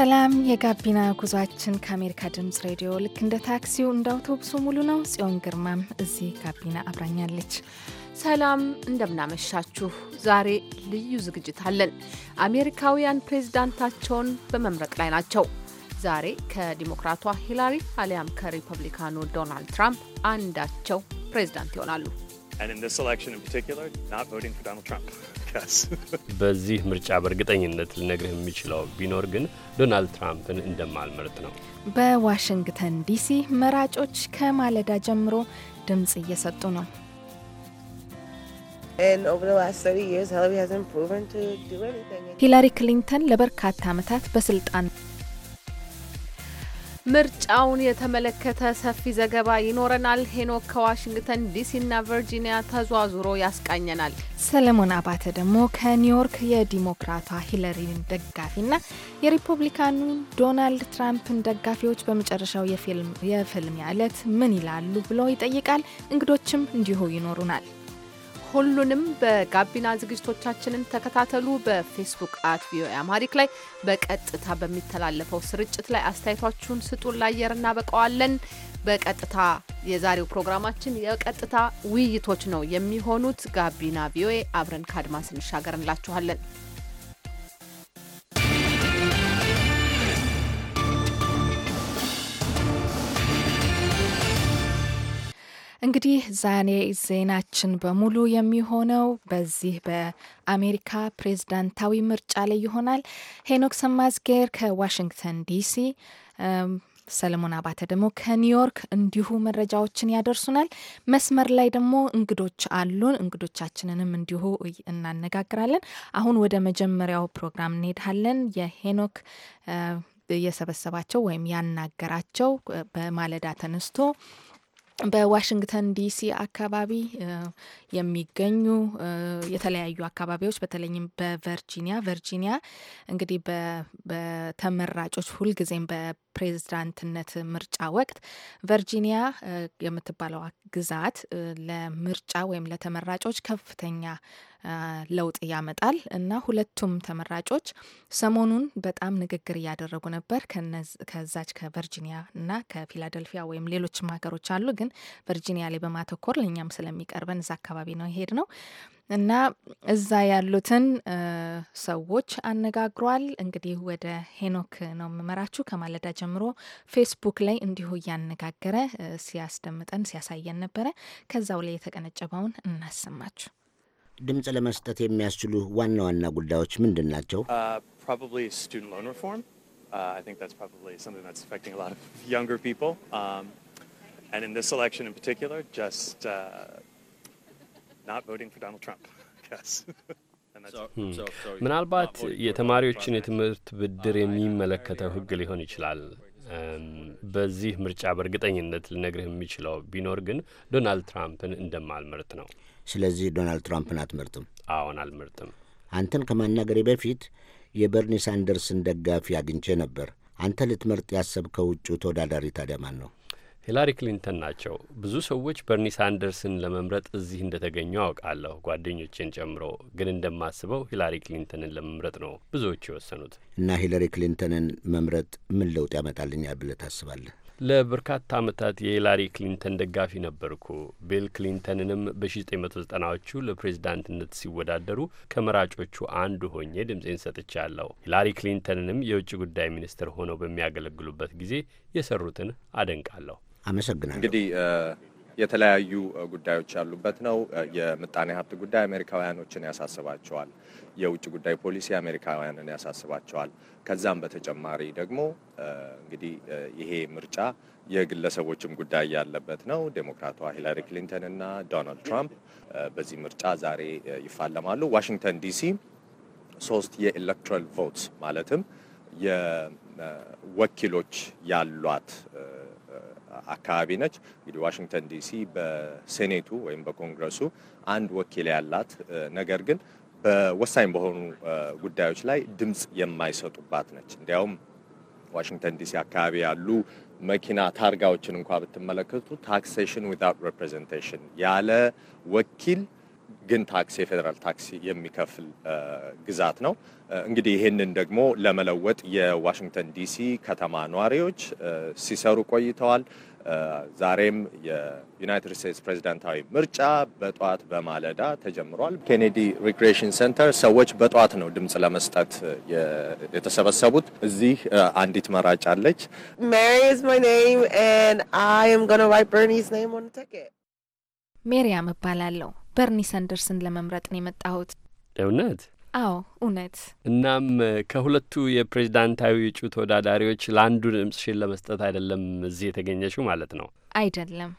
ሰላም የጋቢና ጉዟችን ከአሜሪካ ድምፅ ሬዲዮ ልክ እንደ ታክሲው እንደ አውቶቡሱ ሙሉ ነው። ጽዮን ግርማም እዚህ ጋቢና አብራኛለች። ሰላም እንደምናመሻችሁ። ዛሬ ልዩ ዝግጅት አለን። አሜሪካውያን ፕሬዝዳንታቸውን በመምረጥ ላይ ናቸው። ዛሬ ከዲሞክራቷ ሂላሪ አሊያም ከሪፐብሊካኑ ዶናልድ ትራምፕ አንዳቸው ፕሬዝዳንት ይሆናሉ። ፖድካስት በዚህ ምርጫ በእርግጠኝነት ልነግርህ የሚችለው ቢኖር ግን ዶናልድ ትራምፕን እንደማልመርጥ ነው። በዋሽንግተን ዲሲ መራጮች ከማለዳ ጀምሮ ድምፅ እየሰጡ ነው። ሂላሪ ክሊንተን ለበርካታ ዓመታት በስልጣን ምርጫውን የተመለከተ ሰፊ ዘገባ ይኖረናል። ሄኖክ ከዋሽንግተን ዲሲና ቨርጂኒያ ተዟዙሮ ያስቃኘናል። ሰለሞን አባተ ደግሞ ከኒውዮርክ የዲሞክራቷ ሂለሪን ደጋፊና የሪፐብሊካኑ ዶናልድ ትራምፕን ደጋፊዎች በመጨረሻው የፊልም ዕለት ምን ይላሉ ብሎ ይጠይቃል። እንግዶችም እንዲሁ ይኖሩናል። ሁሉንም በጋቢና ዝግጅቶቻችንን ተከታተሉ። በፌስቡክ አት ቪኦኤ አማሪክ ላይ በቀጥታ በሚተላለፈው ስርጭት ላይ አስተያየቷችሁን ስጡን፣ ለአየር እናበቀዋለን። በቀጥታ የዛሬው ፕሮግራማችን የቀጥታ ውይይቶች ነው የሚሆኑት። ጋቢና ቪኦኤ አብረን ከአድማስ እንሻገር እንላችኋለን። እንግዲህ ዛሬ ዜናችን በሙሉ የሚሆነው በዚህ በአሜሪካ ፕሬዝዳንታዊ ምርጫ ላይ ይሆናል። ሄኖክ ሰማዝጌር ከዋሽንግተን ዲሲ ሰለሞን አባተ ደግሞ ከኒውዮርክ እንዲሁ መረጃዎችን ያደርሱናል። መስመር ላይ ደግሞ እንግዶች አሉን። እንግዶቻችንንም እንዲሁ እናነጋግራለን። አሁን ወደ መጀመሪያው ፕሮግራም እንሄዳለን። የሄኖክ የሰበሰባቸው ወይም ያናገራቸው በማለዳ ተነስቶ በዋሽንግተን ዲሲ አካባቢ የሚገኙ የተለያዩ አካባቢዎች በተለይም በቨርጂኒያ ቨርጂኒያ እንግዲህ በተመራጮች ሁልጊዜም ፕሬዝዳንትነት ምርጫ ወቅት ቨርጂኒያ የምትባለው ግዛት ለምርጫ ወይም ለተመራጮች ከፍተኛ ለውጥ ያመጣል እና ሁለቱም ተመራጮች ሰሞኑን በጣም ንግግር እያደረጉ ነበር። ከዛች ከቨርጂኒያ እና ከፊላደልፊያ ወይም ሌሎችም ሀገሮች አሉ፣ ግን ቨርጂኒያ ላይ በማተኮር ለእኛም ስለሚቀርበን እዛ አካባቢ ነው የሄድ ነው። እና እዛ ያሉትን ሰዎች አነጋግሯል። እንግዲህ ወደ ሄኖክ ነው የምመራችሁ። ከማለዳ ጀምሮ ፌስቡክ ላይ እንዲሁ እያነጋገረ ሲያስደምጠን ሲያሳየን ነበረ። ከዛው ላይ የተቀነጨበውን እናሰማችሁ። ድምፅ ለመስጠት የሚያስችሉ ዋና ዋና ጉዳዮች ምንድን ናቸው? ስ ምናልባት የተማሪዎችን የትምህርት ብድር uh, የሚመለከተው ሕግ ሊሆን ይችላል። um, በዚህ ምርጫ በእርግጠኝነት ልነግርህ የሚችለው ቢኖር ግን ዶናልድ ትራምፕን እንደማልመርጥ ነው። ስለዚህ ዶናልድ ትራምፕን አትመርጥም? አዎን፣ አልመርጥም። አንተን ከማናገሬ በፊት የበርኒ ሳንደርስን ደጋፊ አግኝቼ ነበር። አንተ ልትመርጥ ያሰብከው ውጪው ተወዳዳሪ ታዲያ ማን ነው? ሂላሪ ክሊንተን ናቸው። ብዙ ሰዎች በርኒ ሳንደርስን ለመምረጥ እዚህ እንደተገኙ አውቃለሁ፣ ጓደኞችን ጨምሮ። ግን እንደማስበው ሂላሪ ክሊንተንን ለመምረጥ ነው ብዙዎቹ የወሰኑት። እና ሂላሪ ክሊንተንን መምረጥ ምን ለውጥ ያመጣልኛል ብለህ ታስባለህ? ለበርካታ ዓመታት የሂላሪ ክሊንተን ደጋፊ ነበርኩ። ቢል ክሊንተንንም በ1990ዎቹ ለፕሬዝዳንትነት ሲወዳደሩ ከመራጮቹ አንዱ ሆኜ ድምጼን ሰጥቻለሁ። ሂላሪ ክሊንተንንም የውጭ ጉዳይ ሚኒስትር ሆነው በሚያገለግሉበት ጊዜ የሰሩትን አደንቃለሁ። አመሰግናለሁ። እንግዲህ የተለያዩ ጉዳዮች ያሉበት ነው። የምጣኔ ሀብት ጉዳይ አሜሪካውያኖችን ያሳስባቸዋል። የውጭ ጉዳይ ፖሊሲ አሜሪካውያንን ያሳስባቸዋል። ከዛም በተጨማሪ ደግሞ እንግዲህ ይሄ ምርጫ የግለሰቦችም ጉዳይ ያለበት ነው። ዴሞክራቷ ሂላሪ ክሊንተን እና ዶናልድ ትራምፕ በዚህ ምርጫ ዛሬ ይፋለማሉ። ዋሽንግተን ዲሲ ሶስት የኤሌክትራል ቮትስ ማለትም የወኪሎች ያሏት አካባቢ ነች። እንግዲህ ዋሽንግተን ዲሲ በሴኔቱ ወይም በኮንግረሱ አንድ ወኪል ያላት ነገር ግን በወሳኝ በሆኑ ጉዳዮች ላይ ድምፅ የማይሰጡባት ነች። እንዲያውም ዋሽንግተን ዲሲ አካባቢ ያሉ መኪና ታርጋዎችን እንኳ ብትመለከቱ ታክሴሽን ዊዛውት ሬፕሬዘንቴሽን ያለ ወኪል ግን ታክስ የፌዴራል ታክስ የሚከፍል ግዛት ነው። እንግዲህ ይህንን ደግሞ ለመለወጥ የዋሽንግተን ዲሲ ከተማ ነዋሪዎች ሲሰሩ ቆይተዋል። ዛሬም የዩናይትድ ስቴትስ ፕሬዚዳንታዊ ምርጫ በጠዋት በማለዳ ተጀምሯል። ኬኔዲ ሪክሬሽን ሴንተር ሰዎች በጠዋት ነው ድምጽ ለመስጠት የተሰበሰቡት። እዚህ አንዲት መራጭ አለች። ሜሪያም እባላለሁ። በርኒ ሰንደርስን ለመምረጥ ነው የመጣሁት። እውነት አዎ እውነት። እናም ከሁለቱ የፕሬዝዳንታዊ እጩ ተወዳዳሪዎች ለአንዱ ድምጽሽን ለመስጠት አይደለም እዚህ የተገኘሽው ማለት ነው? አይደለም።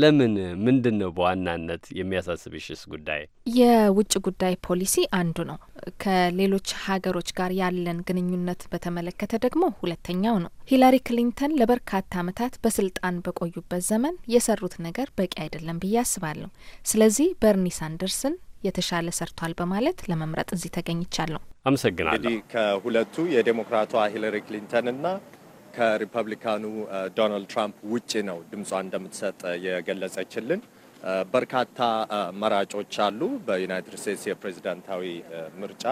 ለምን? ምንድን ነው በዋናነት የሚያሳስብሽስ ጉዳይ? የውጭ ጉዳይ ፖሊሲ አንዱ ነው። ከሌሎች ሀገሮች ጋር ያለን ግንኙነት በተመለከተ ደግሞ ሁለተኛው ነው። ሂላሪ ክሊንተን ለበርካታ ዓመታት በስልጣን በቆዩበት ዘመን የሰሩት ነገር በቂ አይደለም ብዬ አስባለሁ። ስለዚህ በርኒ ሳንደርስን የተሻለ ሰርቷል በማለት ለመምረጥ እዚህ ተገኝቻለሁ። አመሰግናለሁ። እንግዲህ ከሁለቱ የዴሞክራቷ ሂለሪ ክሊንተንና ከሪፐብሊካኑ ዶናልድ ትራምፕ ውጭ ነው ድምጿ እንደምትሰጥ የገለጸችልን። በርካታ መራጮች አሉ በዩናይትድ ስቴትስ የፕሬዚዳንታዊ ምርጫ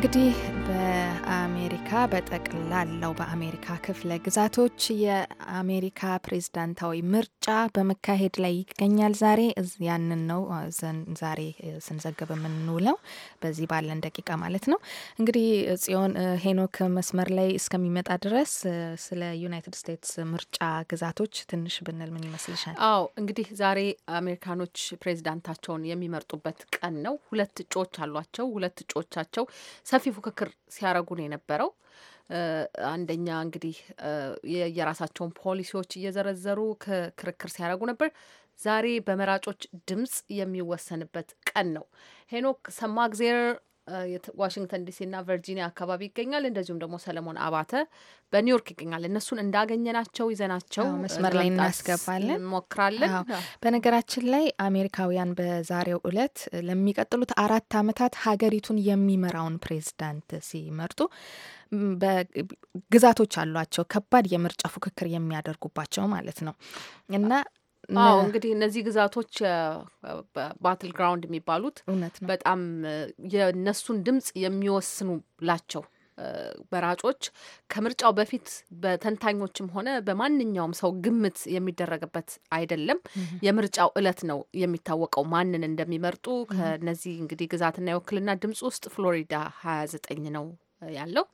እንግዲህ አሜሪካ በጠቅላላው በአሜሪካ ክፍለ ግዛቶች የአሜሪካ ፕሬዝዳንታዊ ምርጫ በመካሄድ ላይ ይገኛል። ዛሬ ያንን ነው ዛሬ ስንዘግብ የምንውለው በዚህ ባለን ደቂቃ ማለት ነው። እንግዲህ ጽዮን ሄኖክ መስመር ላይ እስከሚመጣ ድረስ ስለ ዩናይትድ ስቴትስ ምርጫ ግዛቶች ትንሽ ብንል ምን ይመስልሻል? አዎ እንግዲህ ዛሬ አሜሪካኖች ፕሬዝዳንታቸውን የሚመርጡበት ቀን ነው። ሁለት እጩዎች አሏቸው። ሁለት እጩዎቻቸው ሰፊ ፉክክር ሲያደርጉ ነው የነበረው። አንደኛ እንግዲህ የራሳቸውን ፖሊሲዎች እየዘረዘሩ ክርክር ሲያደርጉ ነበር። ዛሬ በመራጮች ድምጽ የሚወሰንበት ቀን ነው። ሄኖክ ሰማእግዜር ዋሽንግተን ዲሲና ቨርጂኒያ አካባቢ ይገኛል። እንደዚሁም ደግሞ ሰለሞን አባተ በኒውዮርክ ይገኛል። እነሱን እንዳገኘናቸው ይዘናቸው መስመር ላይ እናስገባለን እንሞክራለን። በነገራችን ላይ አሜሪካውያን በዛሬው እለት ለሚቀጥሉት አራት አመታት ሀገሪቱን የሚመራውን ፕሬዚዳንት ሲመርጡ ግዛቶች አሏቸው ከባድ የምርጫ ፉክክር የሚያደርጉባቸው ማለት ነው እና አዎ እንግዲህ እነዚህ ግዛቶች ባትል ግራውንድ የሚባሉት በጣም የእነሱን ድምጽ የሚወስኑላቸው መራጮች ከምርጫው በፊት በተንታኞችም ሆነ በማንኛውም ሰው ግምት የሚደረግበት አይደለም። የምርጫው እለት ነው የሚታወቀው ማንን እንደሚመርጡ። ከነዚህ እንግዲህ ግዛትና የውክልና ድምጽ ውስጥ ፍሎሪዳ ሀያ ዘጠኝ ነው ያለው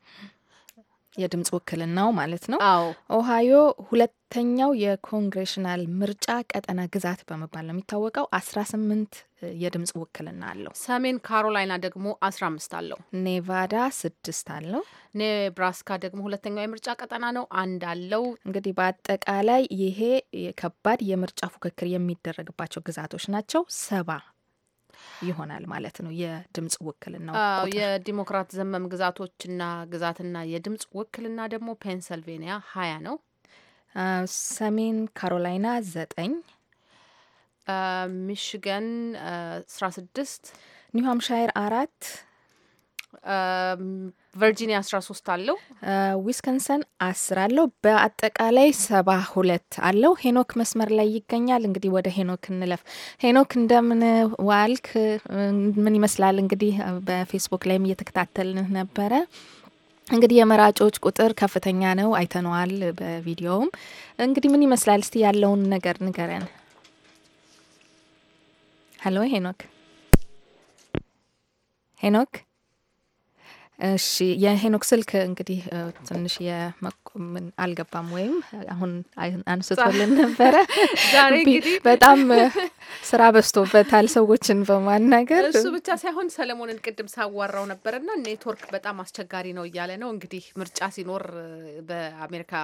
የድምፅ ውክልናው ማለት ነው። አዎ ኦሃዮ ሁለተኛው የኮንግሬሽናል ምርጫ ቀጠና ግዛት በመባል ነው የሚታወቀው። አስራ ስምንት የድምፅ ውክልና አለው። ሰሜን ካሮላይና ደግሞ አስራ አምስት አለው። ኔቫዳ ስድስት አለው። ኔብራስካ ደግሞ ሁለተኛው የምርጫ ቀጠና ነው፣ አንድ አለው። እንግዲህ በአጠቃላይ ይሄ ከባድ የምርጫ ፉክክር የሚደረግባቸው ግዛቶች ናቸው ሰባ ይሆናል ማለት ነው። የድምጽ ውክልና የዲሞክራት ዘመም ግዛቶችና ግዛትና የድምጽ ውክልና ደግሞ ፔንሰልቬኒያ ሀያ ነው። ሰሜን ካሮላይና ዘጠኝ ሚሽገን አስራ ስድስት ኒው አራት ቨርጂኒያ አስራ ሶስት አለው። ዊስከንሰን አስር አለው። በአጠቃላይ ሰባ ሁለት አለው። ሄኖክ መስመር ላይ ይገኛል። እንግዲህ ወደ ሄኖክ እንለፍ። ሄኖክ እንደምን ዋልክ? ምን ይመስላል? እንግዲህ በፌስቡክ ላይም እየተከታተልን ነበረ። እንግዲህ የመራጮች ቁጥር ከፍተኛ ነው፣ አይተነዋል በቪዲዮውም። እንግዲህ ምን ይመስላል? እስቲ ያለውን ነገር ንገረን። ሄሎ ሄኖክ ሄኖክ እሺ የሄኖክ ስልክ እንግዲህ ትንሽ የመቆምን አልገባም ወይም አሁን አንስቶልን ነበረ። በጣም ስራ በዝቶበታል ሰዎችን በማናገር እሱ ብቻ ሳይሆን ሰለሞንን ቅድም ሳዋራው ነበርና ኔትወርክ በጣም አስቸጋሪ ነው እያለ ነው። እንግዲህ ምርጫ ሲኖር በአሜሪካ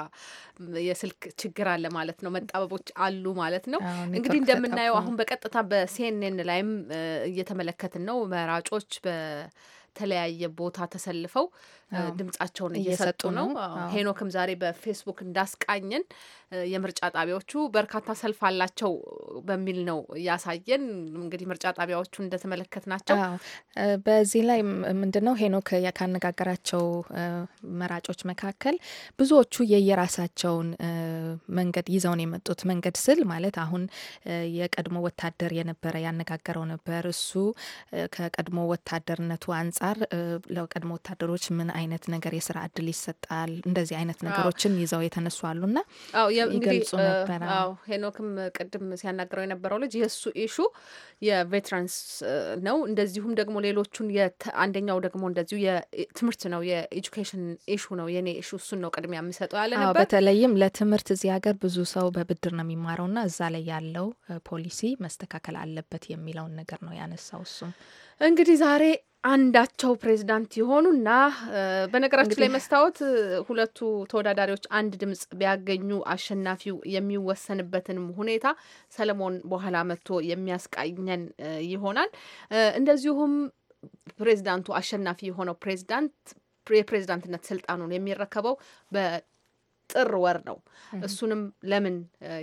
የስልክ ችግር አለ ማለት ነው፣ መጣበቦች አሉ ማለት ነው። እንግዲህ እንደምናየው አሁን በቀጥታ በሲኤንኤን ላይም እየተመለከትን ነው መራጮች በ የተለያየ ቦታ ተሰልፈው ድምጻቸውን እየሰጡ ነው። ሄኖክም ዛሬ በፌስቡክ እንዳስቃኘን የምርጫ ጣቢያዎቹ በርካታ ሰልፍ አላቸው በሚል ነው ያሳየን። እንግዲህ ምርጫ ጣቢያዎቹ እንደተመለከት ናቸው። በዚህ ላይ ምንድነው ሄኖክ ካነጋገራቸው መራጮች መካከል ብዙዎቹ የየራሳቸውን መንገድ ይዘውን የመጡት መንገድ ስል ማለት አሁን የቀድሞ ወታደር የነበረ ያነጋገረው ነበር። እሱ ከቀድሞ ወታደርነቱ አንጻር ለቀድሞ ወታደሮች ምን አይነት ነገር የስራ እድል ይሰጣል፣ እንደዚህ አይነት ነገሮችን ይዘው የተነሱ አሉና ይገልጹ ነበረ። ሄኖክም ቅድም ሲያናግረው የነበረው ልጅ የእሱ ኢሹ የቬትራንስ ነው። እንደዚሁም ደግሞ ሌሎቹን አንደኛው ደግሞ እንደዚሁ የትምህርት ነው የኤጁኬሽን ኢሹ ነው የኔ ኢሹ እሱን ነው ቅድሚያ የምሰጠው ያለ ነበር። በተለይም ለትምህርት እዚህ ሀገር ብዙ ሰው በብድር ነው የሚማረውና እዛ ላይ ያለው ፖሊሲ መስተካከል አለበት የሚለውን ነገር ነው ያነሳው እሱም እንግዲህ ዛሬ አንዳቸው ፕሬዚዳንት የሆኑና በነገራችን ላይ መስታወት ሁለቱ ተወዳዳሪዎች አንድ ድምጽ ቢያገኙ አሸናፊው የሚወሰንበትንም ሁኔታ ሰለሞን በኋላ መጥቶ የሚያስቃኘን ይሆናል። እንደዚሁም ፕሬዚዳንቱ አሸናፊ የሆነው ፕሬዚዳንት የፕሬዚዳንትነት ስልጣኑን የሚረከበው ጥር ወር ነው። እሱንም ለምን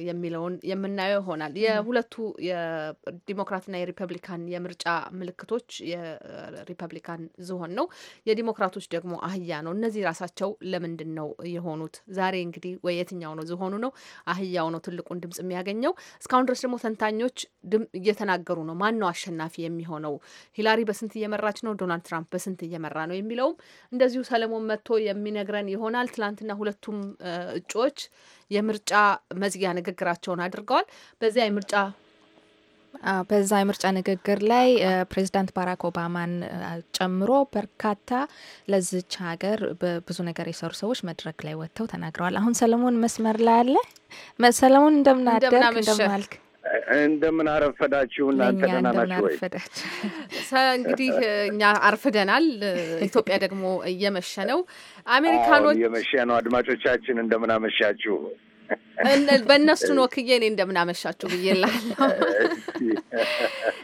የሚለውን የምናየው ይሆናል። የሁለቱ የዲሞክራትና የሪፐብሊካን የምርጫ ምልክቶች የሪፐብሊካን ዝሆን ነው፣ የዲሞክራቶች ደግሞ አህያ ነው። እነዚህ ራሳቸው ለምንድን ነው የሆኑት? ዛሬ እንግዲህ ወይ የትኛው ነው ዝሆኑ ነው አህያው ነው ትልቁን ድምጽ የሚያገኘው? እስካሁን ድረስ ደግሞ ተንታኞች እየተናገሩ ነው። ማን ነው አሸናፊ የሚሆነው? ሂላሪ በስንት እየመራች ነው? ዶናልድ ትራምፕ በስንት እየመራ ነው የሚለውም እንደዚሁ ሰለሞን መጥቶ የሚነግረን ይሆናል። ትላንትና ሁለቱም እጩዎች የምርጫ መዝጊያ ንግግራቸውን አድርገዋል። በዚያ የምርጫ በዛ የምርጫ ንግግር ላይ ፕሬዚዳንት ባራክ ኦባማን ጨምሮ በርካታ ለዚች ሀገር ብዙ ነገር የሰሩ ሰዎች መድረክ ላይ ወጥተው ተናግረዋል። አሁን ሰለሞን መስመር ላይ አለ። ሰለሞን እንደምናደርግ እንደምናልክ እንደምን አረፈዳችሁ እናንተ ደህና ናችሁ ወይ? እንግዲህ እኛ አርፍደናል። ኢትዮጵያ ደግሞ እየመሸ ነው። አሜሪካኖች እየመሸ ነው። አድማጮቻችን እንደምን አመሻችሁ? በእነሱን ወክዬ እኔ እንደምናመሻችሁ ብዬላለሁ።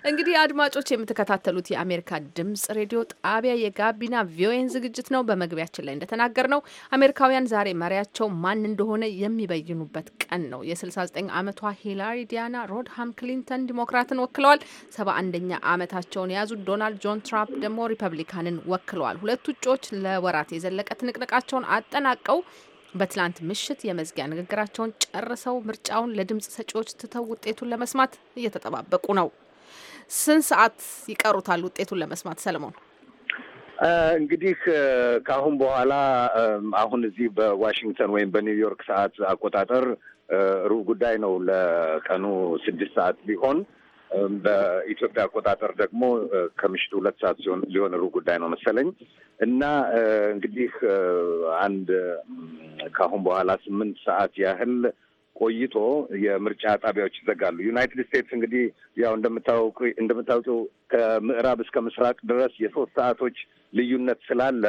እንግዲህ አድማጮች የምትከታተሉት የአሜሪካ ድምጽ ሬዲዮ ጣቢያ የጋቢና ቪኦኤን ዝግጅት ነው። በመግቢያችን ላይ እንደተናገር ነው አሜሪካውያን ዛሬ መሪያቸው ማን እንደሆነ የሚበይኑበት ቀን ነው። የ69 ዓመቷ ሂላሪ ዲያና ሮድሃም ክሊንተን ዲሞክራትን ወክለዋል። 71ኛ ዓመታቸውን የያዙት ዶናልድ ጆን ትራምፕ ደግሞ ሪፐብሊካንን ወክለዋል። ሁለቱ እጩዎች ለወራት የዘለቀ ትንቅንቃቸውን አጠናቀው በትላንት ምሽት የመዝጊያ ንግግራቸውን ጨርሰው ምርጫውን ለድምፅ ሰጪዎች ትተው ውጤቱን ለመስማት እየተጠባበቁ ነው። ስንት ሰዓት ይቀሩታል ውጤቱን ለመስማት ሰለሞን? እንግዲህ ከአሁን በኋላ አሁን እዚህ በዋሽንግተን ወይም በኒውዮርክ ሰዓት አቆጣጠር ሩብ ጉዳይ ነው። ለቀኑ ስድስት ሰዓት ቢሆን በኢትዮጵያ አቆጣጠር ደግሞ ከምሽቱ ሁለት ሰዓት ሲሆን ሊሆን ሩብ ጉዳይ ነው መሰለኝ እና እንግዲህ አንድ ከአሁን በኋላ ስምንት ሰዓት ያህል ቆይቶ የምርጫ ጣቢያዎች ይዘጋሉ። ዩናይትድ ስቴትስ እንግዲህ ያው እንደምታውቁ ከምዕራብ እስከ ምስራቅ ድረስ የሶስት ሰዓቶች ልዩነት ስላለ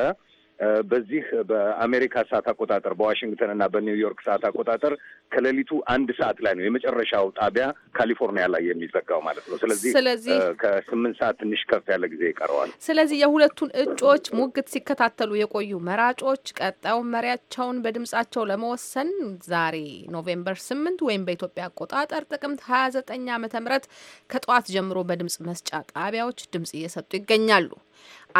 በዚህ በአሜሪካ ሰዓት አቆጣጠር በዋሽንግተን እና በኒውዮርክ ሰዓት አቆጣጠር ከሌሊቱ አንድ ሰዓት ላይ ነው የመጨረሻው ጣቢያ ካሊፎርኒያ ላይ የሚዘጋው ማለት ነው። ስለዚህ ስለዚህ ከስምንት ሰዓት ትንሽ ከፍ ያለ ጊዜ ይቀረዋል። ስለዚህ የሁለቱን እጩዎች ሙግት ሲከታተሉ የቆዩ መራጮች ቀጣዩን መሪያቸውን በድምጻቸው ለመወሰን ዛሬ ኖቬምበር ስምንት ወይም በኢትዮጵያ አቆጣጠር ጥቅምት ሀያ ዘጠኝ ዓመተ ምህረት ከጠዋት ጀምሮ በድምጽ መስጫ ጣቢያዎች ድምጽ እየሰጡ ይገኛሉ።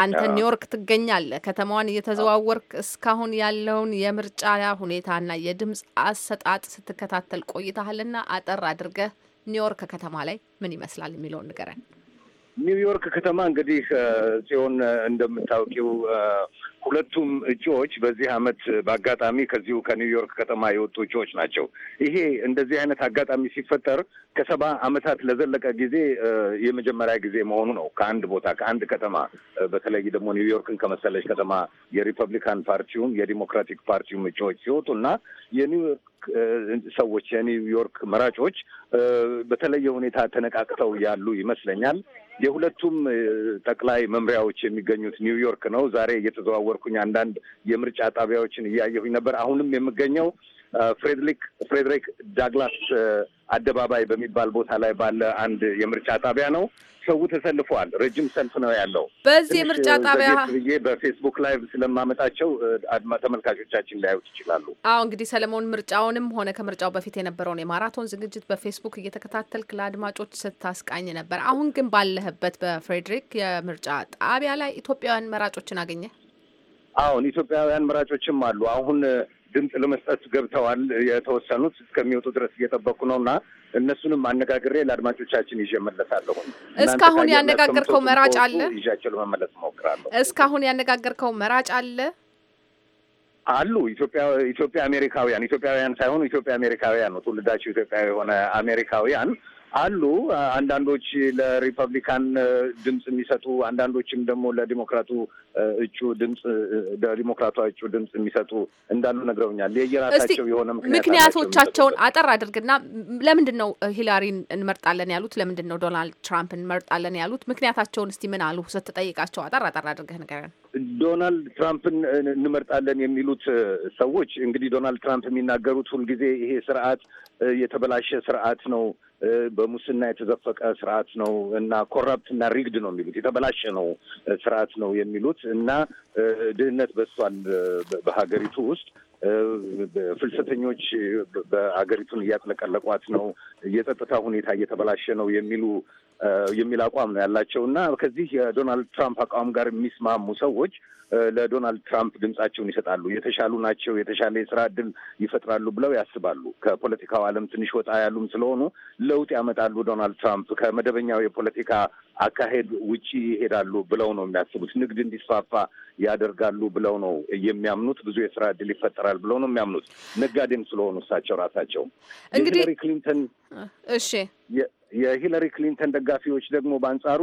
አንተ ኒውዮርክ ትገኛለህ። ከተማዋን እየተዘዋወርክ እስካሁን ያለውን የምርጫ ሁኔታና የድምፅ አሰጣጥ ስትከታተል ቆይተሃልና አጠር አድርገህ ኒውዮርክ ከተማ ላይ ምን ይመስላል የሚለውን ንገረን። ኒውዮርክ ከተማ እንግዲህ ሲሆን እንደምታውቂው ሁለቱም እጩዎች በዚህ አመት በአጋጣሚ ከዚሁ ከኒውዮርክ ከተማ የወጡ እጩዎች ናቸው። ይሄ እንደዚህ አይነት አጋጣሚ ሲፈጠር ከሰባ አመታት ለዘለቀ ጊዜ የመጀመሪያ ጊዜ መሆኑ ነው። ከአንድ ቦታ ከአንድ ከተማ በተለይ ደግሞ ኒውዮርክን ከመሰለች ከተማ የሪፐብሊካን ፓርቲውም የዲሞክራቲክ ፓርቲውም እጩዎች ሲወጡ እና የኒውዮርክ ሰዎች የኒውዮርክ መራጮች በተለየ ሁኔታ ተነቃቅተው ያሉ ይመስለኛል። የሁለቱም ጠቅላይ መምሪያዎች የሚገኙት ኒውዮርክ ነው። ዛሬ እየተዘዋወርኩኝ አንዳንድ የምርጫ ጣቢያዎችን እያየሁኝ ነበር። አሁንም የምገኘው ፍሬድሪክ ፍሬድሪክ ዳግላስ አደባባይ በሚባል ቦታ ላይ ባለ አንድ የምርጫ ጣቢያ ነው። ሰው ተሰልፏል። ረጅም ሰልፍ ነው ያለው። በዚህ የምርጫ ጣቢያ ብዬ በፌስቡክ ላይ ስለማመጣቸው አድማ ተመልካቾቻችን ሊያዩት ይችላሉ። አዎ እንግዲህ ሰለሞን፣ ምርጫውንም ሆነ ከምርጫው በፊት የነበረውን የማራቶን ዝግጅት በፌስቡክ እየተከታተልክ ለአድማጮች ስታስቃኝ ነበር። አሁን ግን ባለህበት በፍሬድሪክ የምርጫ ጣቢያ ላይ ኢትዮጵያውያን መራጮችን አገኘ? አሁን ኢትዮጵያውያን መራጮችም አሉ። አሁን ድምፅ ለመስጠት ገብተዋል። የተወሰኑት እስከሚወጡ ድረስ እየጠበቁ ነው እና እነሱንም አነጋግሬ ለአድማጮቻችን ይዤ መለሳለሁ። እስካሁን ያነጋገርከው መራጭ አለ? ይዣቸው ለመመለስ እሞክራለሁ። እስካሁን ያነጋገርከው መራጭ አለ? አሉ ኢትዮጵያ ኢትዮጵያ አሜሪካውያን ኢትዮጵያውያን ሳይሆኑ ኢትዮጵያ አሜሪካውያን ነው ትውልዳቸው ኢትዮጵያ የሆነ አሜሪካውያን አሉ። አንዳንዶች ለሪፐብሊካን ድምፅ የሚሰጡ አንዳንዶችም ደግሞ ለዲሞክራቱ እጩ ድምፅ ለዲሞክራቱ እጩ ድምፅ የሚሰጡ እንዳሉ ነግረውኛል። የየራሳቸው የሆነ ምክንያቶቻቸውን አጠር አድርግና ለምንድን ነው ሂላሪን እንመርጣለን ያሉት? ለምንድን ነው ዶናልድ ትራምፕ እንመርጣለን ያሉት? ምክንያታቸውን እስቲ ምን አሉ ስትጠይቃቸው? አጠር አጠር አድርገህ ንገረን። ዶናልድ ትራምፕን እንመርጣለን የሚሉት ሰዎች እንግዲህ ዶናልድ ትራምፕ የሚናገሩት ሁልጊዜ ይሄ ስርዓት የተበላሸ ስርዓት ነው በሙስና የተዘፈቀ ስርዓት ነው እና ኮረፕት እና ሪግድ ነው የሚሉት የተበላሸ ነው ስርዓት ነው የሚሉት እና ድህነት በሷል በሀገሪቱ ውስጥ ፍልሰተኞች በሀገሪቱን እያጥለቀለቋት ነው፣ የጸጥታ ሁኔታ እየተበላሸ ነው የሚሉ የሚል አቋም ነው ያላቸው እና ከዚህ የዶናልድ ትራምፕ አቋም ጋር የሚስማሙ ሰዎች ለዶናልድ ትራምፕ ድምጻቸውን ይሰጣሉ። የተሻሉ ናቸው፣ የተሻለ የስራ እድል ይፈጥራሉ ብለው ያስባሉ። ከፖለቲካው ዓለም ትንሽ ወጣ ያሉም ስለሆኑ ለውጥ ያመጣሉ። ዶናልድ ትራምፕ ከመደበኛው የፖለቲካ አካሄድ ውጪ ይሄዳሉ ብለው ነው የሚያስቡት። ንግድ እንዲስፋፋ ያደርጋሉ ብለው ነው የሚያምኑት። ብዙ የስራ እድል ይፈጠራል ብለው ነው የሚያምኑት። ነጋዴም ስለሆኑ እሳቸው ራሳቸው የሂለሪ ክሊንተን እሺ የሂለሪ ክሊንተን ደጋፊዎች ደግሞ በአንጻሩ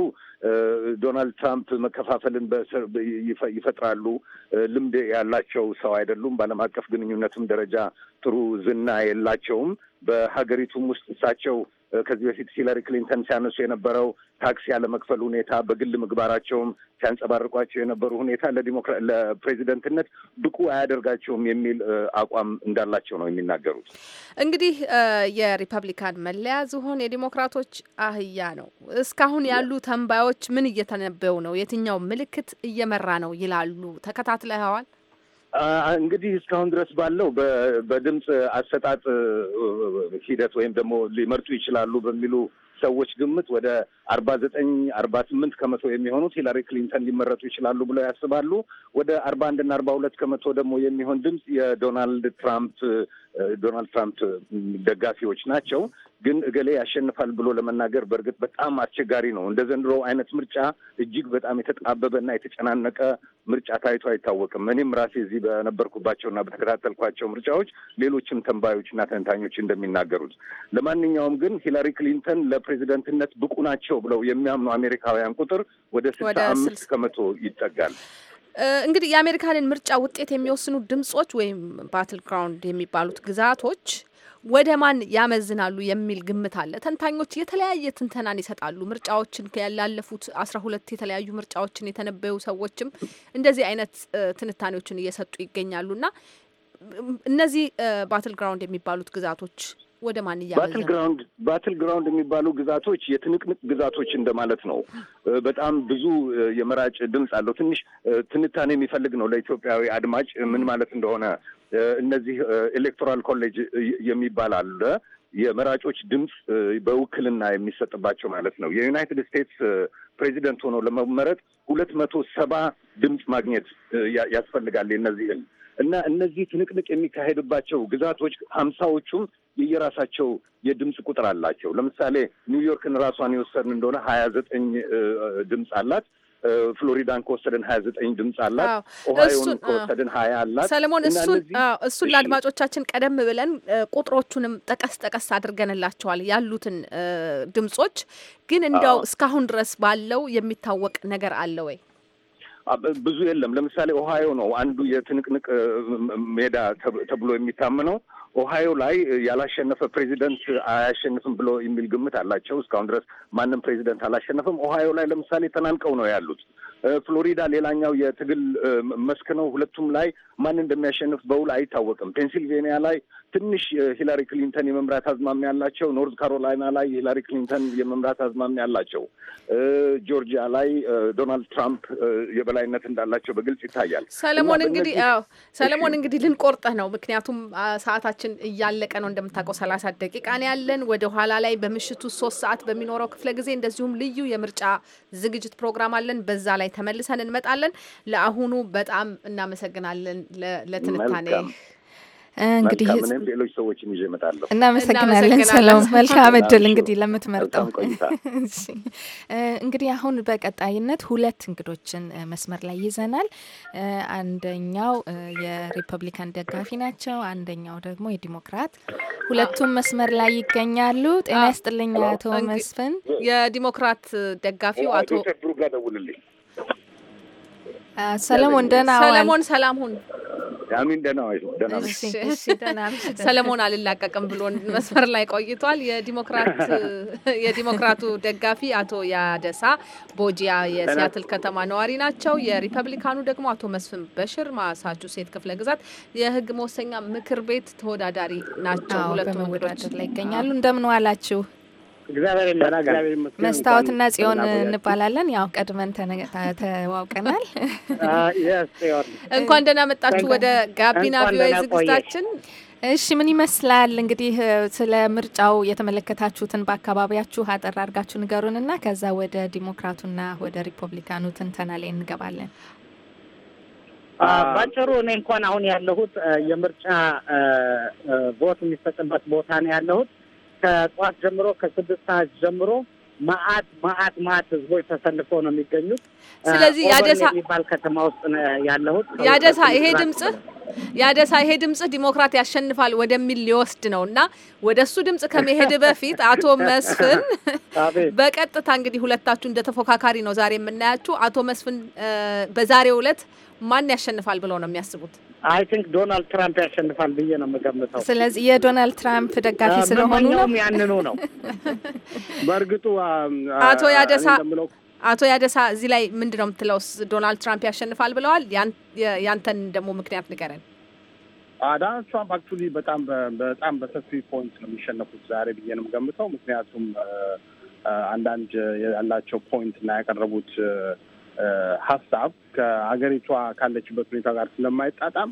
ዶናልድ ትራምፕ መከፋፈልን ይፈጥራሉ፣ ልምድ ያላቸው ሰው አይደሉም፣ በዓለም አቀፍ ግንኙነትም ደረጃ ጥሩ ዝና የላቸውም። በሀገሪቱም ውስጥ እሳቸው ከዚህ በፊት ሂለሪ ክሊንተን ሲያነሱ የነበረው ታክስ ያለመክፈል ሁኔታ በግል ምግባራቸውም ሲያንጸባርቋቸው የነበሩ ሁኔታ ለዲሞክራ ለፕሬዚደንትነት ብቁ አያደርጋቸውም የሚል አቋም እንዳላቸው ነው የሚናገሩት። እንግዲህ የሪፐብሊካን መለያ ዝሆን የዲሞክራቶች አህያ ነው። እስካሁን ያሉ ተንባዮች ምን እየተነበዩ ነው? የትኛው ምልክት እየመራ ነው ይላሉ? ተከታትለዋል? እንግዲህ እስካሁን ድረስ ባለው በድምፅ አሰጣጥ ሂደት ወይም ደግሞ ሊመርጡ ይችላሉ በሚሉ ሰዎች ግምት ወደ አርባ ዘጠኝ አርባ ስምንት ከመቶ የሚሆኑት ሂላሪ ክሊንተን ሊመረጡ ይችላሉ ብለው ያስባሉ። ወደ አርባ አንድና አርባ ሁለት ከመቶ ደግሞ የሚሆን ድምፅ የዶናልድ ትራምፕ ዶናልድ ትራምፕ ደጋፊዎች ናቸው። ግን እገሌ ያሸንፋል ብሎ ለመናገር በእርግጥ በጣም አስቸጋሪ ነው። እንደ ዘንድሮ አይነት ምርጫ እጅግ በጣም የተጣበበ እና የተጨናነቀ ምርጫ ታይቶ አይታወቅም። እኔም ራሴ እዚህ እና በተከታተልኳቸው ምርጫዎች ሌሎችም ተንባዮችና ተንታኞች እንደሚናገሩት፣ ለማንኛውም ግን ሂላሪ ክሊንተን ለፕሬዚደንትነት ብቁ ናቸው ብለው የሚያምኑ አሜሪካውያን ቁጥር ወደ ስልሳ አምስት ከመቶ ይጠጋል። እንግዲህ የአሜሪካንን ምርጫ ውጤት የሚወስኑ ድምጾች ወይም ባትል ግራውንድ የሚባሉት ግዛቶች ወደ ማን ያመዝናሉ የሚል ግምት አለ። ተንታኞች የተለያየ ትንተናን ይሰጣሉ። ምርጫዎችን ያላለፉት አስራ ሁለት የተለያዩ ምርጫዎችን የተነበዩ ሰዎችም እንደዚህ አይነት ትንታኔዎችን እየሰጡ ይገኛሉና እነዚህ ባትል ግራውንድ የሚባሉት ግዛቶች ወደ ማን ባትል ግራውንድ ባትል ግራውንድ የሚባሉ ግዛቶች የትንቅንቅ ግዛቶች እንደማለት ነው። በጣም ብዙ የመራጭ ድምፅ አለው። ትንሽ ትንታኔ የሚፈልግ ነው ለኢትዮጵያዊ አድማጭ ምን ማለት እንደሆነ። እነዚህ ኤሌክቶራል ኮሌጅ የሚባል አለ የመራጮች ድምፅ በውክልና የሚሰጥባቸው ማለት ነው። የዩናይትድ ስቴትስ ፕሬዚደንት ሆኖ ለመመረጥ ሁለት መቶ ሰባ ድምፅ ማግኘት ያስፈልጋል የእነዚህን እና እነዚህ ትንቅንቅ የሚካሄድባቸው ግዛቶች ሀምሳዎቹም የየራሳቸው የድምፅ ቁጥር አላቸው። ለምሳሌ ኒውዮርክን ራሷን የወሰድን እንደሆነ ሀያ ዘጠኝ ድምፅ አላት። ፍሎሪዳን ከወሰድን ሀያ ዘጠኝ ድምፅ አላት። ኦሃዮን ከወሰድን ሀያ አላት። ሰለሞን እሱን እሱን ለአድማጮቻችን ቀደም ብለን ቁጥሮቹንም ጠቀስ ጠቀስ አድርገንላቸዋል ያሉትን ድምጾች። ግን እንዲያው እስካሁን ድረስ ባለው የሚታወቅ ነገር አለ ወይ? ብዙ የለም። ለምሳሌ ኦሃዮ ነው አንዱ የትንቅንቅ ሜዳ ተብሎ የሚታመነው። ኦሃዮ ላይ ያላሸነፈ ፕሬዚደንት አያሸንፍም ብሎ የሚል ግምት አላቸው። እስካሁን ድረስ ማንም ፕሬዚደንት አላሸነፍም። ኦሃዮ ላይ ለምሳሌ ተናንቀው ነው ያሉት። ፍሎሪዳ ሌላኛው የትግል መስክ ነው። ሁለቱም ላይ ማን እንደሚያሸንፍ በውል አይታወቅም። ፔንሲልቬኒያ ላይ ትንሽ ሂላሪ ክሊንተን የመምራት አዝማሚያ ያላቸው፣ ኖርዝ ካሮላይና ላይ ሂላሪ ክሊንተን የመምራት አዝማሚያ ያላቸው፣ ጆርጂያ ላይ ዶናልድ ትራምፕ የበላይነት እንዳላቸው በግልጽ ይታያል። ሰለሞን እንግዲህ አዎ ሰለሞን እንግዲህ ልንቆርጠህ ነው፣ ምክንያቱም ሰዓታችን እያለቀ ነው። እንደምታውቀው ሰላሳ ደቂቃ ነው ያለን። ወደ ኋላ ላይ በምሽቱ ሶስት ሰዓት በሚኖረው ክፍለ ጊዜ እንደዚሁም ልዩ የምርጫ ዝግጅት ፕሮግራም አለን። በዛ ላይ ተመልሰን እንመጣለን። ለአሁኑ በጣም እናመሰግናለን ለትንታኔ እንግዲህ ሌሎች ሰዎችን ይዤ እመጣለሁ። እናመሰግናለን ሰለሞን። መልካም እድል እንግዲህ ለምትመርጠው። እንግዲህ አሁን በቀጣይነት ሁለት እንግዶችን መስመር ላይ ይዘናል። አንደኛው የሪፐብሊካን ደጋፊ ናቸው፣ አንደኛው ደግሞ የዲሞክራት። ሁለቱም መስመር ላይ ይገኛሉ። ጤና ይስጥልኝ አቶ መስፍን። የዲሞክራት ደጋፊው አቶ ሰለሞን ደህና ዋል። ሰለሞን ሰላም ሁን አሚን ደህና ደህና ሰለሞን አልላቀቅም ብሎ መስመር ላይ ቆይቷል። የዲሞክራት የዲሞክራቱ ደጋፊ አቶ ያደሳ ቦጂያ የሲያትል ከተማ ነዋሪ ናቸው። የሪፐብሊካኑ ደግሞ አቶ መስፍን በሽር ሴት ክፍለ ግዛት የህግ መወሰኛ ምክር ቤት ተወዳዳሪ ናቸው። ሁለቱ ላይ ይገኛሉ። እንደምን ዋላችሁ? እግዚአብሔር መስታወትና ጽዮን እንባላለን። ያው ቀድመን ተዋውቀናል። እንኳን ደህና መጣችሁ ወደ ጋቢና ቪኦኤ ዝግጅታችን። እሺ ምን ይመስላል እንግዲህ ስለ ምርጫው የተመለከታችሁትን በአካባቢያችሁ አጠር አድርጋችሁ እና ከዛ ወደ ዲሞክራቱና ወደ ሪፐብሊካኑ ትንተና ላይ እንገባለን። ባጭሩ እኔ እንኳን አሁን ያለሁት የምርጫ ቦት የሚሰጥበት ቦታ ነው ያለሁት ከጠዋት ጀምሮ ከስድስት ሰዓት ጀምሮ ማአት ማአት ማአት ህዝቦች ተሰልፈው ነው የሚገኙት። ስለዚህ ያደሳ የሚባል ከተማ ውስጥ ያለሁት ያደሳ ይሄ ድምጽ ያደሳ ይሄ ድምጽ ዲሞክራት ያሸንፋል ወደሚል ሊወስድ ነው እና ወደ እሱ ድምጽ ከመሄድ በፊት አቶ መስፍን በቀጥታ እንግዲህ ሁለታችሁ እንደ ተፎካካሪ ነው ዛሬ የምናያችሁ። አቶ መስፍን በዛሬው ውለት ማን ያሸንፋል ብለው ነው የሚያስቡት? አይ ቲንክ ዶናልድ ትራምፕ ያሸንፋል ብዬ ነው የምገምተው። ስለዚህ የዶናልድ ትራምፕ ደጋፊ ስለሆኑ ነው ያንኑ ነው። በእርግጡ አቶ ያደሳ አቶ ያደሳ እዚህ ላይ ምንድን ነው የምትለው? ዶናልድ ትራምፕ ያሸንፋል ብለዋል። ያንተን ደግሞ ምክንያት ንገረን። ዶናልድ ትራምፕ አክቹሊ በጣም በጣም በሰፊ ፖይንት ነው የሚሸነፉት ዛሬ ብዬ ነው የምገምተው። ምክንያቱም አንዳንድ ያላቸው ፖይንት እና ያቀረቡት ሀሳብ ከሀገሪቷ ካለችበት ሁኔታ ጋር ስለማይጣጣም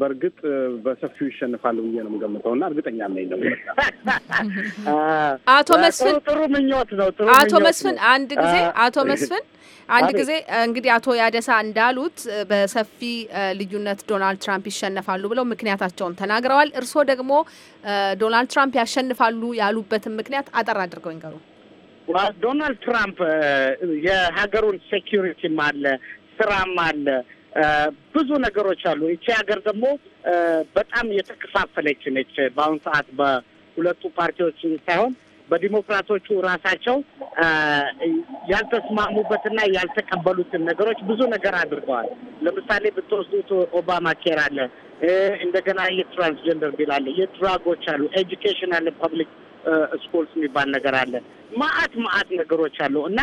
በእርግጥ በሰፊው ይሸንፋል ብዬ ነው የምገምተው እና እርግጠኛ ነኝ ነው። አቶ መስፍን ጥሩ ምኞት ነው። አቶ መስፍን አንድ ጊዜ አቶ መስፍን አንድ ጊዜ እንግዲህ አቶ ያደሳ እንዳሉት በሰፊ ልዩነት ዶናልድ ትራምፕ ይሸነፋሉ ብለው ምክንያታቸውን ተናግረዋል። እርስዎ ደግሞ ዶናልድ ትራምፕ ያሸንፋሉ ያሉበትን ምክንያት አጠር አድርገው ይንገሩ። ዶናልድ ትራምፕ የሀገሩን ሴኪሪቲም አለ ስራም አለ ብዙ ነገሮች አሉ። ይቺ ሀገር ደግሞ በጣም የተከፋፈለች ነች። በአሁኑ ሰዓት በሁለቱ ፓርቲዎች ሳይሆን በዲሞክራቶቹ ራሳቸው ያልተስማሙበትና ያልተቀበሉትን ነገሮች ብዙ ነገር አድርገዋል። ለምሳሌ ብትወስዱት ኦባማ ኬር አለ እንደገና የትራንስጀንደር ቢል አለ፣ የድራጎች አሉ፣ ኤጁኬሽን አለ፣ ፐብሊክ ስኩልስ የሚባል ነገር አለ። ማአት ማአት ነገሮች አሉ እና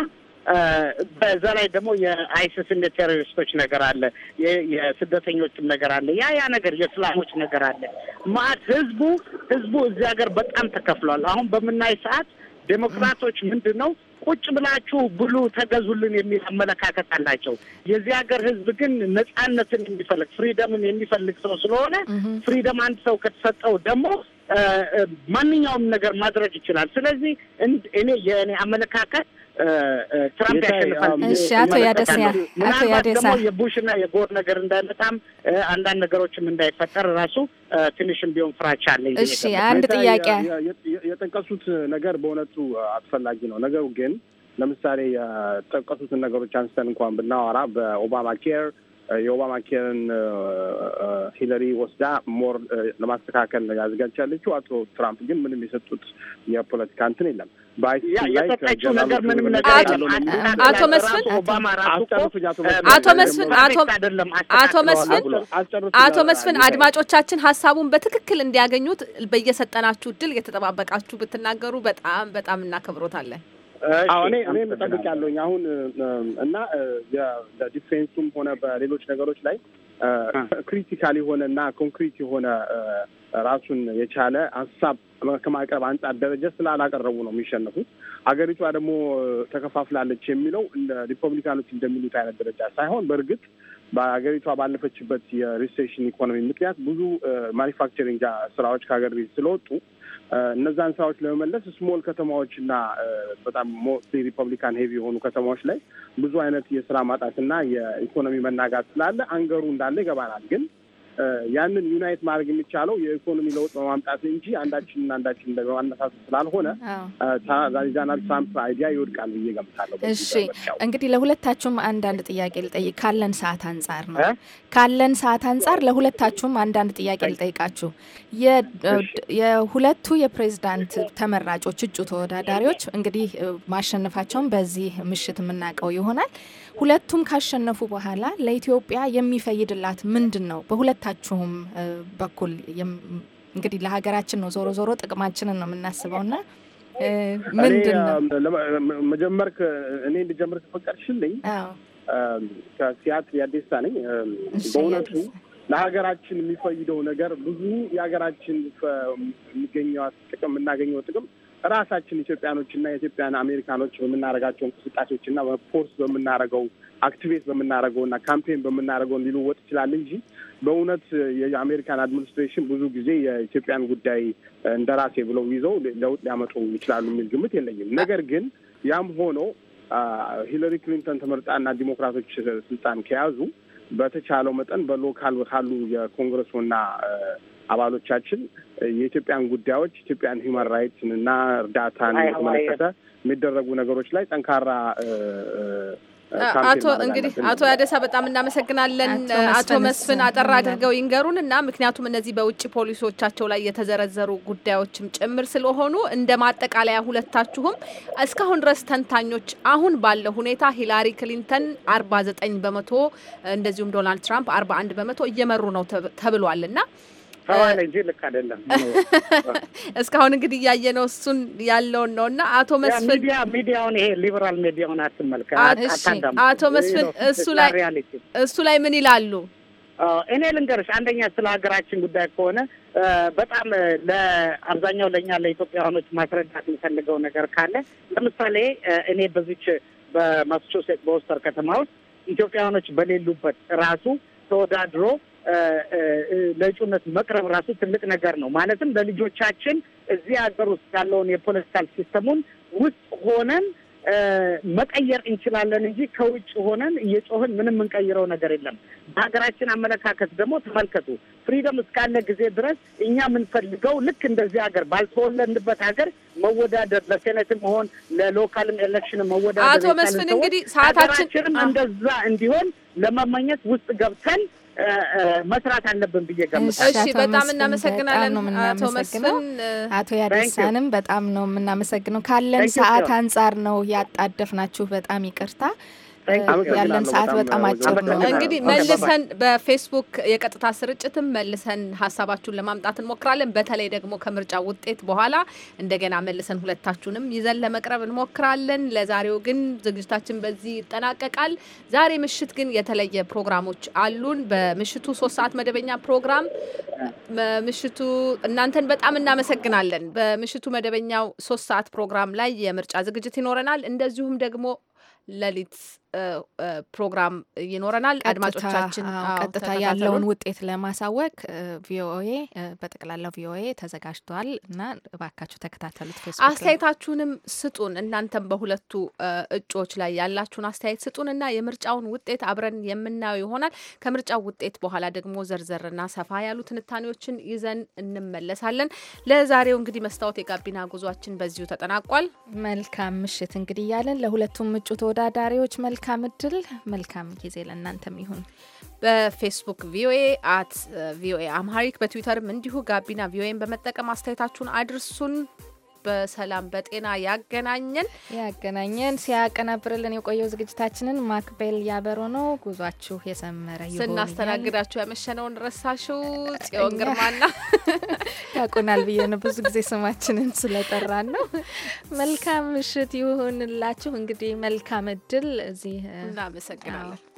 በዛ ላይ ደግሞ የአይሲስ የአይሲስን የቴሮሪስቶች ነገር አለ፣ የስደተኞችም ነገር አለ፣ ያ ያ ነገር የእስላሞች ነገር አለ። ማአት ህዝቡ ህዝቡ እዚህ ሀገር በጣም ተከፍሏል። አሁን በምናይ ሰዓት ዴሞክራቶች ምንድን ነው ቁጭ ብላችሁ ብሉ፣ ተገዙልን የሚል አመለካከት አላቸው። የዚህ ሀገር ህዝብ ግን ነጻነትን የሚፈልግ ፍሪደምን የሚፈልግ ሰው ስለሆነ ፍሪደም አንድ ሰው ከተሰጠው ደግሞ ማንኛውም ነገር ማድረግ ይችላል። ስለዚህ እኔ የእኔ አመለካከት ትራምፕ ያሸንፋል። ያደሳ የቡሽና የጎር ነገር እንዳይመጣም አንዳንድ ነገሮችም እንዳይፈጠር ራሱ ትንሽም ቢሆን ፍራቻ አለ። እሺ አንድ ጥያቄ የጠቀሱት ነገር በእውነቱ አስፈላጊ ነው። ነገሩ ግን ለምሳሌ የጠቀሱትን ነገሮች አንስተን እንኳን ብናወራ በኦባማ ኬር Uh, የኦባማ ኬርን uh, uh, ሂለሪ ወስዳ ሞር ለማስተካከል ያዘጋጃለችው። አቶ ትራምፕ ግን ምንም የሰጡት የፖለቲካ እንትን የለም። የሰጠችው ነገር ምንም ነገር አቶ መስፍን አቶ መስፍን አቶ መስፍን አቶ መስፍን አድማጮቻችን ሀሳቡን በትክክል እንዲያገኙት በየሰጠናችሁ እድል የተጠባበቃችሁ ብትናገሩ በጣም በጣም እናከብሮታለን። እኔ እኔም ጠብቅ ያለኝ አሁን እና በዲፌንሱም ሆነ በሌሎች ነገሮች ላይ ክሪቲካል የሆነ እና ኮንክሪት የሆነ ራሱን የቻለ ሀሳብ ከማቅረብ አንጻር ደረጃ ስላላቀረቡ ነው የሚሸነፉት። ሀገሪቷ ደግሞ ተከፋፍላለች የሚለው ሪፐብሊካኖች እንደሚሉት አይነት ደረጃ ሳይሆን በእርግጥ በሀገሪቷ ባለፈችበት የሪሴሽን ኢኮኖሚ ምክንያት ብዙ ማኒፋክቸሪንግ ስራዎች ከሀገር ስለወጡ እነዛን ስራዎች ለመመለስ ስሞል ከተማዎች እና በጣም ሞስት ሪፐብሊካን ሄቪ የሆኑ ከተማዎች ላይ ብዙ አይነት የስራ ማጣትና የኢኮኖሚ መናጋት ስላለ አንገሩ እንዳለ ይገባናል ግን ያንን ዩናይት ማድረግ የሚቻለው የኢኮኖሚ ለውጥ በማምጣት እንጂ አንዳችንን አንዳችን በማነሳሳት ስላልሆነ ዛዛናል ትራምፕ አይዲያ ይወድቃል ብዬ ገምታለሁ። እሺ እንግዲህ ለሁለታችሁም አንዳንድ ጥያቄ ልጠይቅ ካለን ሰዓት አንጻር ነው ካለን ሰዓት አንጻር ለሁለታችሁም አንዳንድ ጥያቄ ልጠይቃችሁ። የሁለቱ የፕሬዚዳንት ተመራጮች እጩ ተወዳዳሪዎች እንግዲህ ማሸነፋቸውን በዚህ ምሽት የምናውቀው ይሆናል። ሁለቱም ካሸነፉ በኋላ ለኢትዮጵያ የሚፈይድላት ምንድን ነው? በሁለታችሁም በኩል እንግዲህ ለሀገራችን ነው ዞሮ ዞሮ ጥቅማችንን ነው የምናስበውና ምንድን ነው መጀመር እኔ እንድጀምር ከፈቀድሽልኝ ከሲያትል የአዴሳ ነኝ። በእውነቱ ለሀገራችን የሚፈይደው ነገር ብዙ የሀገራችን የሚገኘው ጥቅም የምናገኘው ጥቅም ራሳችን ኢትዮጵያኖችና የኢትዮጵያን አሜሪካኖች በምናደርጋቸው እንቅስቃሴዎችና በፖርስ በምናደርገው አክቲቬት በምናደርገውና ካምፔን በምናደርገው ሊለወጥ ይችላል እንጂ በእውነት የአሜሪካን አድሚኒስትሬሽን ብዙ ጊዜ የኢትዮጵያን ጉዳይ እንደራሴ ብለው ይዘው ለውጥ ሊያመጡ ይችላሉ የሚል ግምት የለኝም። ነገር ግን ያም ሆኖ ሂለሪ ክሊንተን ተመርጣና ዲሞክራቶች ስልጣን ከያዙ በተቻለው መጠን በሎካል ካሉ የኮንግረሱና አባሎቻችን የኢትዮጵያን ጉዳዮች ኢትዮጵያን ሂውማን ራይትስን እና እርዳታን የተመለከተ የሚደረጉ ነገሮች ላይ ጠንካራ አቶ እንግዲህ አቶ ያደሳ በጣም እናመሰግናለን። አቶ መስፍን አጠር አድርገው ይንገሩን እና ምክንያቱም እነዚህ በውጭ ፖሊሲዎቻቸው ላይ የተዘረዘሩ ጉዳዮችም ጭምር ስለሆኑ እንደ ማጠቃለያ ሁለታችሁም እስካሁን ድረስ ተንታኞች አሁን ባለው ሁኔታ ሂላሪ ክሊንተን አርባ ዘጠኝ በመቶ እንደዚሁም ዶናልድ ትራምፕ አርባ አንድ በመቶ እየመሩ ነው ተብሏል እና እንጂ ልክ አይደለም። እስካሁን እንግዲህ ነው እሱን ያለውን ነው እና አቶ መስፍን ሚዲያ ሚዲያውን ይሄ ሊበራል ሚዲያውን አትመልከት። አቶ መስፍን እሱ ላይ እሱ ላይ ምን ይላሉ? እኔ ልንገርሽ፣ አንደኛ ስለ ሀገራችን ጉዳይ ከሆነ በጣም ለአብዛኛው ለእኛ ለኢትዮጵያውያኖች ማስረዳት የሚፈልገው ነገር ካለ ለምሳሌ እኔ በዚች በማሳቹሴት በወስተር ከተማ ውስጥ ኢትዮጵያውያኖች በሌሉበት ራሱ ተወዳድሮ ለእጩነት መቅረብ ራሱ ትልቅ ነገር ነው። ማለትም ለልጆቻችን እዚህ ሀገር ውስጥ ያለውን የፖለቲካል ሲስተሙን ውስጥ ሆነን መቀየር እንችላለን እንጂ ከውጭ ሆነን እየጮህን ምንም የምንቀይረው ነገር የለም። በሀገራችን አመለካከት ደግሞ ተመልከቱ። ፍሪደም እስካለ ጊዜ ድረስ እኛ የምንፈልገው ልክ እንደዚህ ሀገር ባልተወለድንበት ሀገር መወዳደር ለሴኔትም መሆን ለሎካልም ኤሌክሽን መወዳደር አቶ መስፍን እንግዲህ ሰዓታችንም እንደዛ እንዲሆን ለመመኘት ውስጥ ገብተን መስራት አለብን ብዬ ገምታለሁ። እሺ፣ በጣም እናመሰግናለን አቶ መስፍን። አቶ ያደሳንም በጣም ነው የምናመሰግነው። ካለን ሰዓት አንጻር ነው ያጣደፍናችሁ። በጣም ይቅርታ። ያለን ሰዓት በጣም አጭር ነው። እንግዲህ መልሰን በፌስቡክ የቀጥታ ስርጭትም መልሰን ሀሳባችሁን ለማምጣት እንሞክራለን። በተለይ ደግሞ ከምርጫ ውጤት በኋላ እንደገና መልሰን ሁለታችሁንም ይዘን ለመቅረብ እንሞክራለን። ለዛሬው ግን ዝግጅታችን በዚህ ይጠናቀቃል። ዛሬ ምሽት ግን የተለየ ፕሮግራሞች አሉን። በምሽቱ ሶስት ሰዓት መደበኛ ፕሮግራም ምሽቱ እናንተን በጣም እናመሰግናለን። በምሽቱ መደበኛው ሶስት ሰዓት ፕሮግራም ላይ የምርጫ ዝግጅት ይኖረናል። እንደዚሁም ደግሞ ሌሊት ፕሮግራም ይኖረናል። አድማጮቻችን ቀጥታ ያለውን ውጤት ለማሳወቅ ቪኦኤ በጠቅላላው ቪኦኤ ተዘጋጅቷል እና እባካችሁ ተከታተሉት። ፌስቡክ አስተያየታችሁንም ስጡን። እናንተም በሁለቱ እጩዎች ላይ ያላችሁን አስተያየት ስጡን እና የምርጫውን ውጤት አብረን የምናየው ይሆናል። ከምርጫው ውጤት በኋላ ደግሞ ዘርዘርና ሰፋ ያሉ ትንታኔዎችን ይዘን እንመለሳለን። ለዛሬው እንግዲህ መስታወት የጋቢና ጉዟችን በዚሁ ተጠናቋል። መልካም ምሽት እንግዲህ እያለን ለሁለቱም እጩ ተወዳዳሪዎች መልካም መልካም እድል፣ መልካም ጊዜ ለእናንተም ይሁን። በፌስቡክ ቪኦኤ አት ቪኦኤ አምሃሪክ፣ በትዊተርም እንዲሁ ጋቢና ቪኦኤን በመጠቀም አስተያየታችሁን አድርሱን። በሰላም በጤና ያገናኘን ያገናኘን። ሲያቀናብርልን የቆየው ዝግጅታችንን ማክቤል ያበሮ ነው። ጉዟችሁ የሰመረ ይሁን። ስናስተናግዳችሁ ያመሸነውን ረሳሹ ጽዮን ግርማና ያቁናል ብዬ ነው ብዙ ጊዜ ስማችንን ስለጠራ ነው። መልካም ምሽት ይሁንላችሁ። እንግዲህ መልካም እድል እዚህ እናመሰግናለን።